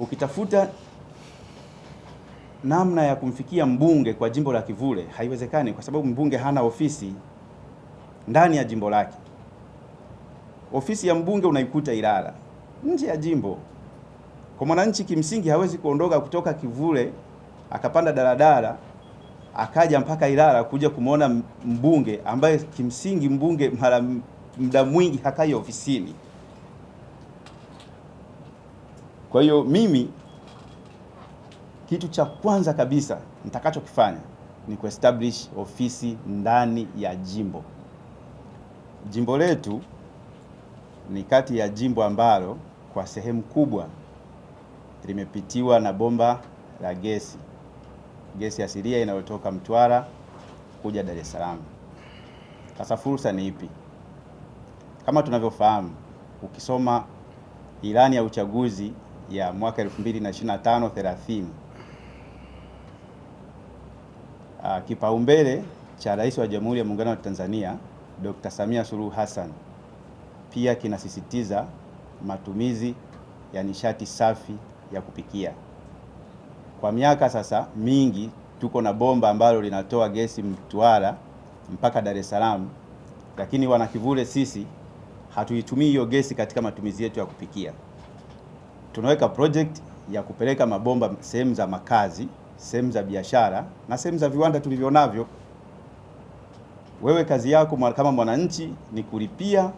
Ukitafuta namna ya kumfikia mbunge kwa jimbo la Kivule haiwezekani, kwa sababu mbunge hana ofisi ndani ya jimbo lake. Ofisi ya mbunge unaikuta Ilala, nje ya jimbo. Kwa mwananchi kimsingi hawezi kuondoka kutoka Kivule akapanda daladala akaja mpaka Ilala kuja kumwona mbunge ambaye kimsingi mbunge mara muda mwingi hakai ofisini. Kwa hiyo mimi kitu cha kwanza kabisa nitakachokifanya ni kuestablish ofisi ndani ya jimbo. Jimbo letu ni kati ya jimbo ambalo kwa sehemu kubwa limepitiwa na bomba la gesi, gesi asilia inayotoka Mtwara kuja Dar es Salaam. Sasa fursa ni ipi? Kama tunavyofahamu, ukisoma ilani ya uchaguzi ya mwaka 2025 30. Ah, kipaumbele cha Rais wa Jamhuri ya Muungano wa Tanzania Dr. Samia Suluhu Hassan pia kinasisitiza matumizi ya nishati safi ya kupikia. Kwa miaka sasa mingi tuko na bomba ambalo linatoa gesi Mtwara mpaka Dar es Salaam, lakini wanakivule sisi hatuitumii hiyo gesi katika matumizi yetu ya kupikia tunaweka project ya kupeleka mabomba sehemu za makazi, sehemu za biashara na sehemu za viwanda tulivyonavyo. Wewe kazi yako kama mwananchi ni kulipia,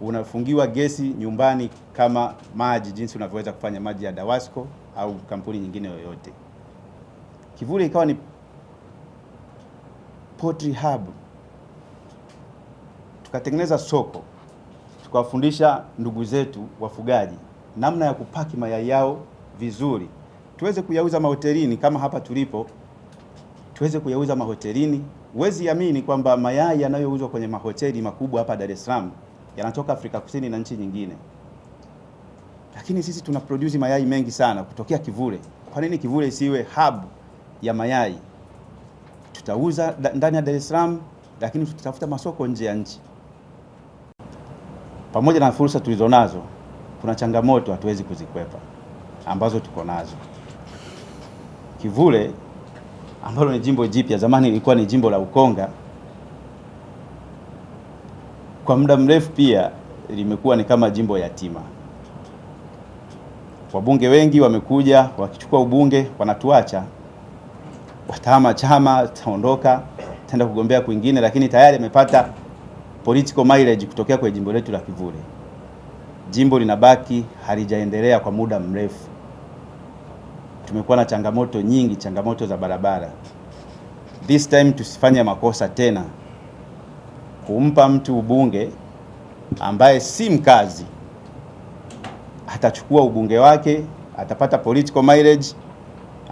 unafungiwa gesi nyumbani kama maji, jinsi unavyoweza kufanya maji ya Dawasco au kampuni nyingine yoyote. Kivule ikawa ni poultry hub, tukatengeneza soko, tukawafundisha ndugu zetu wafugaji namna ya kupaki mayai yao vizuri, tuweze kuyauza mahotelini kama hapa tulipo, tuweze kuyauza mahotelini. Huwezi amini kwamba mayai yanayouzwa kwenye mahoteli makubwa hapa Dar es Salaam yanatoka Afrika Kusini na nchi nyingine, lakini sisi tuna produce mayai mengi sana kutokea Kivule. Kwa nini Kivule isiwe hub ya mayai? Tutauza ndani ya Dar es Salaam, lakini tutafuta masoko nje ya nchi pamoja na fursa tulizonazo kuna changamoto hatuwezi kuzikwepa ambazo tuko nazo. Kivule ambalo ni jimbo jipya, zamani ilikuwa ni jimbo la Ukonga, kwa muda mrefu pia limekuwa ni kama jimbo yatima. Wabunge wengi wamekuja wakichukua ubunge, wanatuacha, watahama chama, taondoka tenda kugombea kwingine, lakini tayari amepata political mileage kutokea kwenye jimbo letu la Kivule jimbo linabaki halijaendelea kwa muda mrefu. Tumekuwa na changamoto nyingi, changamoto za barabara. This time tusifanye makosa tena kumpa mtu ubunge ambaye si mkazi. Atachukua ubunge wake, atapata political mileage,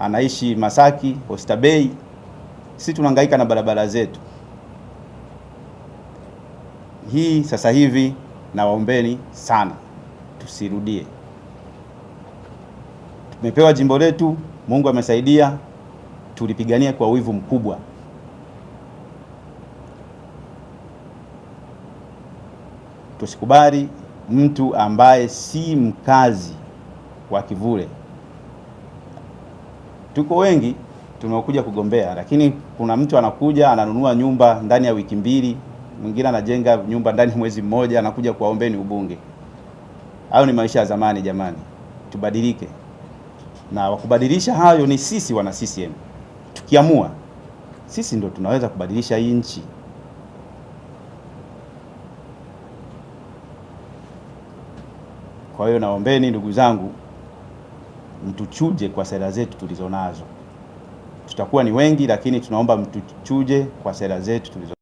anaishi Masaki, Bay, Sisi tunahangaika na barabara zetu. Hii sasa hivi na waombeni sana tusirudie. Tumepewa jimbo letu, Mungu amesaidia, tulipigania kwa wivu mkubwa. Tusikubali mtu ambaye si mkazi wa Kivule. Tuko wengi tunaokuja kugombea, lakini kuna mtu anakuja ananunua nyumba ndani ya wiki mbili mwingine anajenga nyumba ndani mwezi mmoja anakuja kuwaombeni ubunge. Hayo ni maisha ya zamani jamani, tubadilike, na wakubadilisha hayo ni sisi wana CCM. Tukiamua sisi ndio tunaweza kubadilisha hii nchi. Kwa hiyo naombeni ndugu zangu, mtuchuje kwa sera zetu tulizonazo. Tutakuwa ni wengi, lakini tunaomba mtuchuje kwa sera zetu tulizo